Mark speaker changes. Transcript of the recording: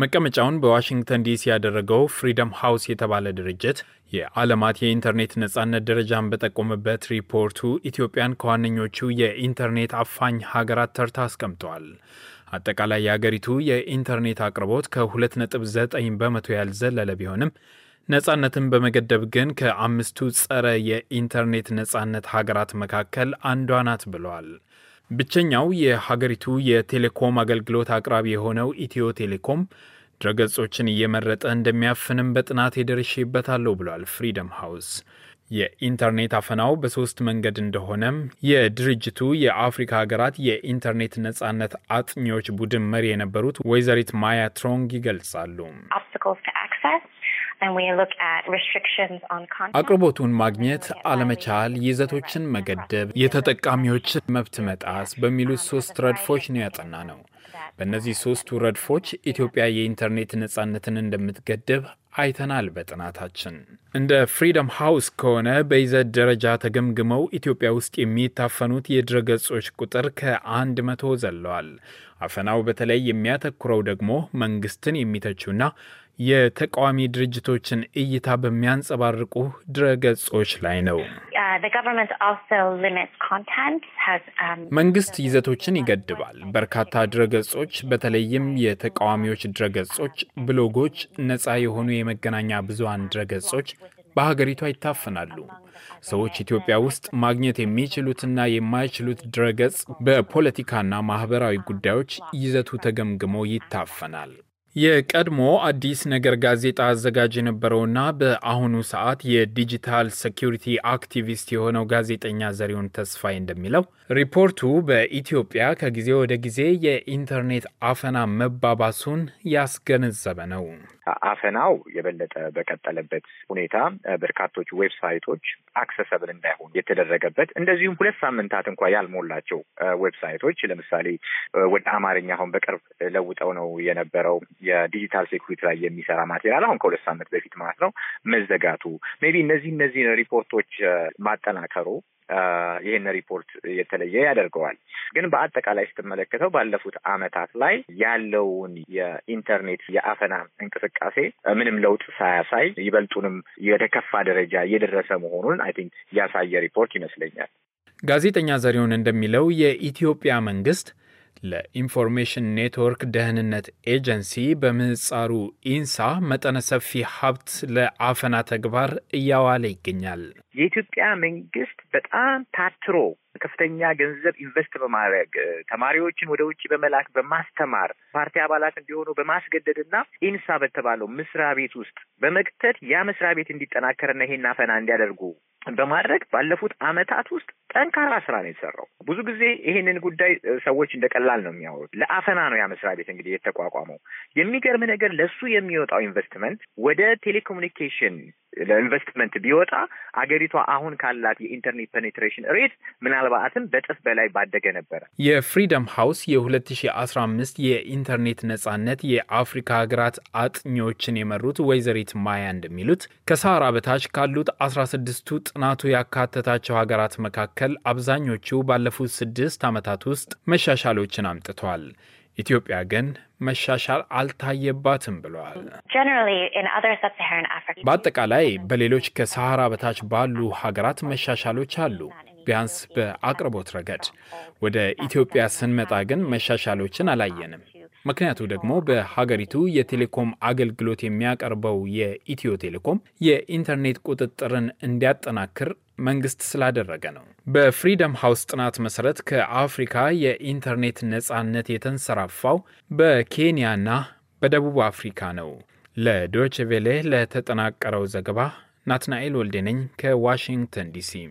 Speaker 1: መቀመጫውን በዋሽንግተን ዲሲ ያደረገው ፍሪደም ሃውስ የተባለ ድርጅት የዓለማት የኢንተርኔት ነጻነት ደረጃን በጠቆመበት ሪፖርቱ ኢትዮጵያን ከዋነኞቹ የኢንተርኔት አፋኝ ሀገራት ተርታ አስቀምጠዋል። አጠቃላይ የአገሪቱ የኢንተርኔት አቅርቦት ከ2.9 በመቶ ያልዘለለ ቢሆንም ነጻነትን በመገደብ ግን ከአምስቱ ጸረ የኢንተርኔት ነጻነት ሀገራት መካከል አንዷ ናት ብለዋል። ብቸኛው የሀገሪቱ የቴሌኮም አገልግሎት አቅራቢ የሆነው ኢትዮ ቴሌኮም ድረገጾችን እየመረጠ እንደሚያፍንም በጥናት የደርሼበታለሁ ብሏል ፍሪደም ሃውስ። የኢንተርኔት አፈናው በሶስት መንገድ እንደሆነም የድርጅቱ የአፍሪካ ሀገራት የኢንተርኔት ነጻነት አጥኚዎች ቡድን መሪ የነበሩት ወይዘሪት ማያ ትሮንግ ይገልጻሉ። አቅርቦቱን ማግኘት አለመቻል፣ ይዘቶችን መገደብ፣ የተጠቃሚዎችን መብት መጣስ በሚሉት ሶስት ረድፎች ነው ያጠና ነው። በእነዚህ ሶስቱ ረድፎች ኢትዮጵያ የኢንተርኔት ነጻነትን እንደምትገድብ አይተናል። በጥናታችን እንደ ፍሪደም ሃውስ ከሆነ በይዘት ደረጃ ተገምግመው ኢትዮጵያ ውስጥ የሚታፈኑት የድረገጾች ቁጥር ከአንድ መቶ ዘለዋል። አፈናው በተለይ የሚያተኩረው ደግሞ መንግስትን የሚተቹና የተቃዋሚ ድርጅቶችን እይታ በሚያንጸባርቁ ድረገጾች ላይ ነው።
Speaker 2: uh, um,
Speaker 1: መንግስት ይዘቶችን ይገድባል። በርካታ ድረገጾች በተለይም የተቃዋሚዎች ድረገጾች፣ ብሎጎች፣ ነፃ የሆኑ የመገናኛ ብዙሃን ድረገጾች በሀገሪቷ ይታፈናሉ። ሰዎች ኢትዮጵያ ውስጥ ማግኘት የሚችሉትና የማይችሉት ድረገጽ በፖለቲካና ማህበራዊ ጉዳዮች ይዘቱ ተገምግሞ ይታፈናል። የቀድሞ አዲስ ነገር ጋዜጣ አዘጋጅ የነበረውና በአሁኑ ሰዓት የዲጂታል ሴኩሪቲ አክቲቪስት የሆነው ጋዜጠኛ ዘሪሁን ተስፋይ እንደሚለው ሪፖርቱ በኢትዮጵያ ከጊዜ ወደ ጊዜ የኢንተርኔት አፈና መባባሱን ያስገነዘበ ነው።
Speaker 2: አፈናው የበለጠ በቀጠለበት ሁኔታ በርካቶች ዌብሳይቶች አክሰሰብል እንዳይሆኑ የተደረገበት እንደዚሁም ሁለት ሳምንታት እንኳ ያልሞላቸው ዌብሳይቶች ለምሳሌ ወደ አማርኛ አሁን በቅርብ ለውጠው ነው የነበረው የዲጂታል ሴኩሪቲ ላይ የሚሰራ ማቴሪያል አሁን ከሁለት ሳምንት በፊት ማለት ነው መዘጋቱ ሜይ ቢ እነዚህ እነዚህ ሪፖርቶች ማጠናከሩ ይህን ሪፖርት የተለየ ያደርገዋል። ግን በአጠቃላይ ስትመለከተው ባለፉት አመታት ላይ ያለውን የኢንተርኔት የአፈና እንቅስቃሴ ምንም ለውጥ ሳያሳይ ይበልጡንም የተከፋ ደረጃ እየደረሰ መሆኑን አይ ቲንክ ያሳየ ሪፖርት ይመስለኛል።
Speaker 1: ጋዜጠኛ ዘሪሁን እንደሚለው የኢትዮጵያ መንግስት ለኢንፎርሜሽን ኔትወርክ ደህንነት ኤጀንሲ በምህጻሩ ኢንሳ መጠነ ሰፊ ሀብት ለአፈና ተግባር እያዋለ
Speaker 2: ይገኛል። የኢትዮጵያ መንግስት በጣም ታትሮ ከፍተኛ ገንዘብ ኢንቨስት በማድረግ ተማሪዎችን ወደ ውጭ በመላክ በማስተማር ፓርቲ አባላት እንዲሆኑ በማስገደድና ኢንሳ በተባለው መስሪያ ቤት ውስጥ በመክተት ያ መስሪያ ቤት እንዲጠናከርና ይሄን አፈና እንዲያደርጉ በማድረግ ባለፉት አመታት ውስጥ ጠንካራ ስራ ነው የተሰራው። ብዙ ጊዜ ይህንን ጉዳይ ሰዎች እንደ ቀላል ነው የሚያወሩት። ለአፈና ነው ያ መስሪያ ቤት እንግዲህ የተቋቋመው። የሚገርም ነገር ለሱ የሚወጣው ኢንቨስትመንት ወደ ቴሌኮሙኒኬሽን ለኢንቨስትመንት ቢወጣ አገሪቷ አሁን ካላት የኢንተርኔት ፔኔትሬሽን ሬት ምናልባትም በጥፍ በላይ ባደገ ነበረ።
Speaker 1: የፍሪደም ሃውስ የ2015 የኢንተርኔት ነጻነት የአፍሪካ ሀገራት አጥኚዎችን የመሩት ወይዘሪት ማያ እንደሚሉት ከሳራ በታች ካሉት 16ቱ ጥናቱ ያካተታቸው ሀገራት መካከል አብዛኞቹ ባለፉት ስድስት ዓመታት ውስጥ መሻሻሎችን አምጥተዋል። ኢትዮጵያ ግን መሻሻል አልታየባትም ብለዋል። በአጠቃላይ በሌሎች ከሰሃራ በታች ባሉ ሀገራት መሻሻሎች አሉ። ቢያንስ በአቅርቦት ረገድ። ወደ ኢትዮጵያ ስንመጣ ግን መሻሻሎችን አላየንም። ምክንያቱ ደግሞ በሀገሪቱ የቴሌኮም አገልግሎት የሚያቀርበው የኢትዮ ቴሌኮም የኢንተርኔት ቁጥጥርን እንዲያጠናክር መንግስት ስላደረገ ነው። በፍሪደም ሃውስ ጥናት መሰረት ከአፍሪካ የኢንተርኔት ነፃነት የተንሰራፋው በኬንያና በደቡብ አፍሪካ ነው። ለዶችቬሌ ለተጠናቀረው ዘገባ ናትናኤል ወልዴነኝ ከዋሽንግተን ዲሲ